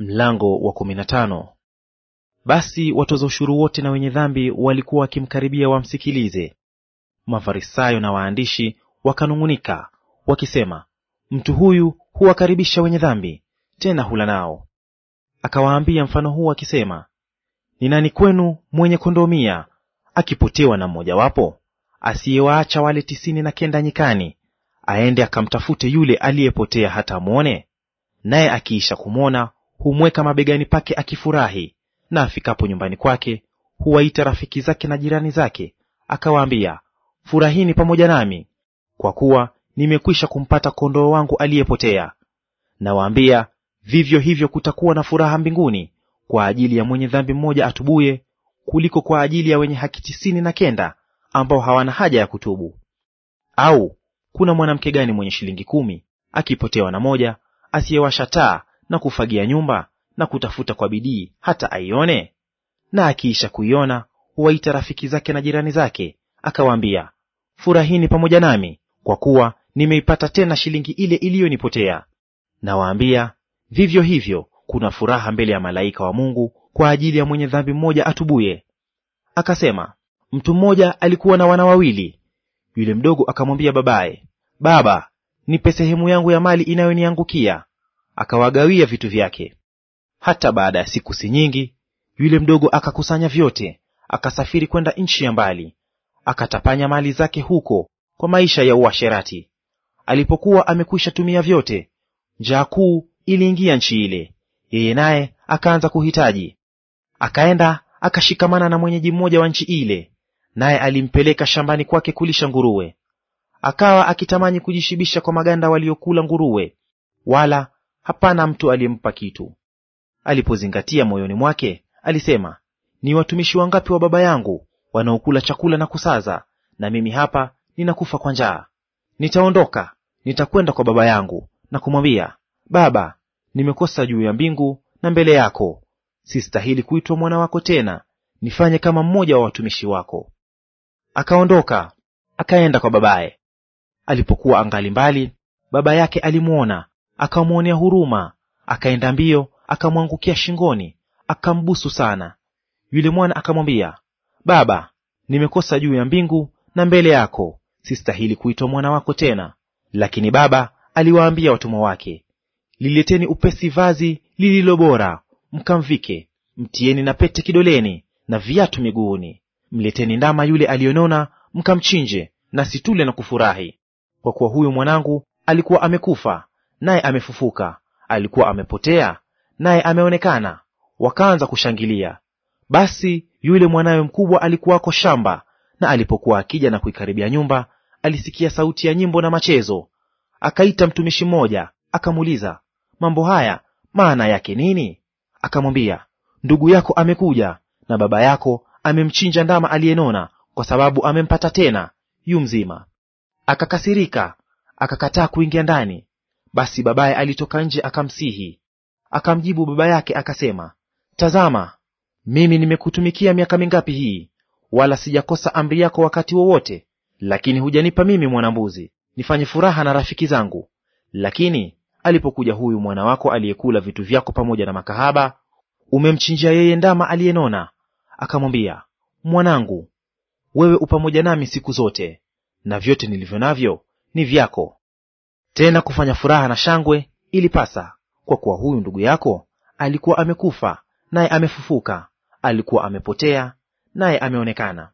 Mlango wa kumi na tano. Basi watoza ushuru wote na wenye dhambi walikuwa wakimkaribia wamsikilize. Mafarisayo na waandishi wakanung'unika wakisema, mtu huyu huwakaribisha wenye dhambi, tena hula nao. Akawaambia mfano huu akisema, ni nani kwenu mwenye kondoo mia akipotewa na mmojawapo, asiyewaacha wale tisini na kenda nyikani, aende akamtafute yule aliyepotea hata amwone? Naye akiisha kumwona humweka mabegani pake akifurahi, na afikapo nyumbani kwake huwaita rafiki zake na jirani zake, akawaambia, furahini pamoja nami, kwa kuwa nimekwisha kumpata kondoo wangu aliyepotea. Nawaambia, vivyo hivyo kutakuwa na furaha mbinguni kwa ajili ya mwenye dhambi mmoja atubuye kuliko kwa ajili ya wenye haki tisini na kenda ambao hawana haja ya kutubu. Au kuna mwanamke gani mwenye shilingi kumi akipotewa na moja, asiyewasha taa na kufagia nyumba na kutafuta kwa bidii hata aione? Na akiisha kuiona huwaita rafiki zake na jirani zake, akawaambia, furahini pamoja nami, kwa kuwa nimeipata tena shilingi ile iliyonipotea. Nawaambia, vivyo hivyo kuna furaha mbele ya malaika wa Mungu kwa ajili ya mwenye dhambi mmoja atubuye. Akasema, mtu mmoja alikuwa na wana wawili. Yule mdogo akamwambia babaye, Baba, nipe sehemu yangu ya mali inayoniangukia akawagawia vitu vyake. Hata baada ya siku si nyingi, yule mdogo akakusanya vyote, akasafiri kwenda nchi ya mbali, akatapanya mali zake huko kwa maisha ya uasherati. Alipokuwa amekwisha tumia vyote, njaa kuu iliingia nchi ile, yeye naye akaanza kuhitaji. Akaenda akashikamana na mwenyeji mmoja wa nchi ile, naye alimpeleka shambani kwake kulisha nguruwe. Akawa akitamani kujishibisha kwa maganda waliokula nguruwe, wala hapana mtu aliyempa kitu. Alipozingatia moyoni mwake, alisema, ni watumishi wangapi wa baba yangu wanaokula chakula na kusaza, na mimi hapa ninakufa kwa njaa. Nitaondoka, nitakwenda kwa baba yangu na kumwambia, Baba, nimekosa juu ya mbingu na mbele yako, sistahili kuitwa mwana wako tena, nifanye kama mmoja wa watumishi wako. Akaondoka akaenda kwa babaye. Alipokuwa angali mbali, baba yake alimwona akamwonea huruma, akaenda mbio, akamwangukia shingoni, akambusu sana. Yule mwana akamwambia, Baba, nimekosa juu ya mbingu na mbele yako, sistahili kuitwa mwana wako tena. Lakini baba aliwaambia watumwa wake, lileteni upesi vazi lililo bora, mkamvike, mtieni na pete kidoleni na viatu miguuni. Mleteni ndama yule aliyonona, mkamchinje, nasi tule na kufurahi, kwa kuwa huyu mwanangu alikuwa amekufa, naye amefufuka; alikuwa amepotea, naye ameonekana. Wakaanza kushangilia. Basi yule mwanawe mkubwa alikuwako shamba, na alipokuwa akija na kuikaribia nyumba, alisikia sauti ya nyimbo na machezo. Akaita mtumishi mmoja, akamuuliza, mambo haya maana yake nini? Akamwambia, ndugu yako amekuja, na baba yako amemchinja ndama aliyenona, kwa sababu amempata tena yu mzima. Akakasirika, akakataa kuingia ndani, basi babaye alitoka nje akamsihi. Akamjibu baba yake akasema, Tazama, mimi nimekutumikia miaka mingapi hii, wala sijakosa amri yako wakati wowote, lakini hujanipa mimi mwanambuzi nifanye furaha na rafiki zangu. Lakini alipokuja huyu mwana wako aliyekula vitu vyako pamoja na makahaba, umemchinjia yeye ndama aliyenona. Akamwambia, mwanangu, wewe upamoja nami siku zote, na vyote nilivyo navyo ni vyako, tena kufanya furaha na shangwe ilipasa, kwa kuwa huyu ndugu yako alikuwa amekufa, naye amefufuka; alikuwa amepotea, naye ameonekana.